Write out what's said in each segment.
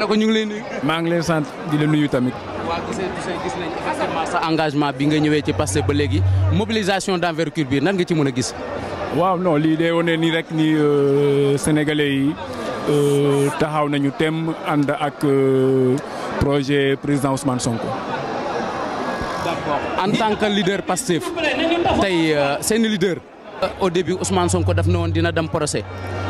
na ñu ngi lay maa ngi leen sant di la nuyu tamit. sa engagement bi nga ñëwee ci Pastef ba léegi mobilisation d'envergure bi nan nga ci mën a gis. waaw non lii day wane nii rek nii euh, sénégalais euh, taxaw nañu tem ànd ak euh, projet président Ousmane Sonko. en tant que leader Pastef tey seen leader. au début Ousmane Sonko daf ne woon dina dem procès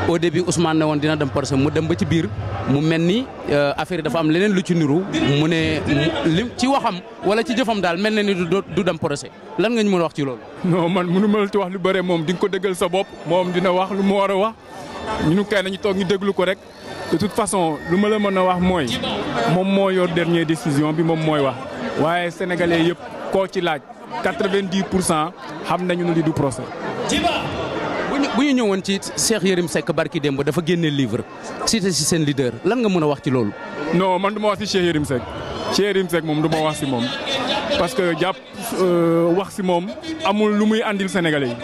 au début Ousmane ne woon dina dem procès mu dem ba ci biir mu mel ni euh, affaire dafa am leneen lu ci nuru mu ne li ci waxam wala ci jëfam daal mel na ni du dem procès lan nga ñu mën a wax ci lool non man mënu ma la ci wax lu bëre moom di nga ko déggal sa bopp moom dina wax lu mu war a wax ñun kay nañu toog ñu déglu ko rek de toute façon lu ma la mën a wax mooy moom moo yor dernière décision bi moom mooy wax waaye sénégalais yëpp koo ci laaj quatre-vingt-dix pour cent xam nañu ne lii du procès. Djiba bu ñu ñëwoon ci Cheikh Yérim Seck barki démb dafa génnee livre cité si seen leader lan nga mën a wax ci loolu. noo man du ma wax si Cheikh Yérim Seck Cheikh Yérim Seck moom du wax si moom parce que jàpp euh, wax si moom amul lu muy andil Sénégalais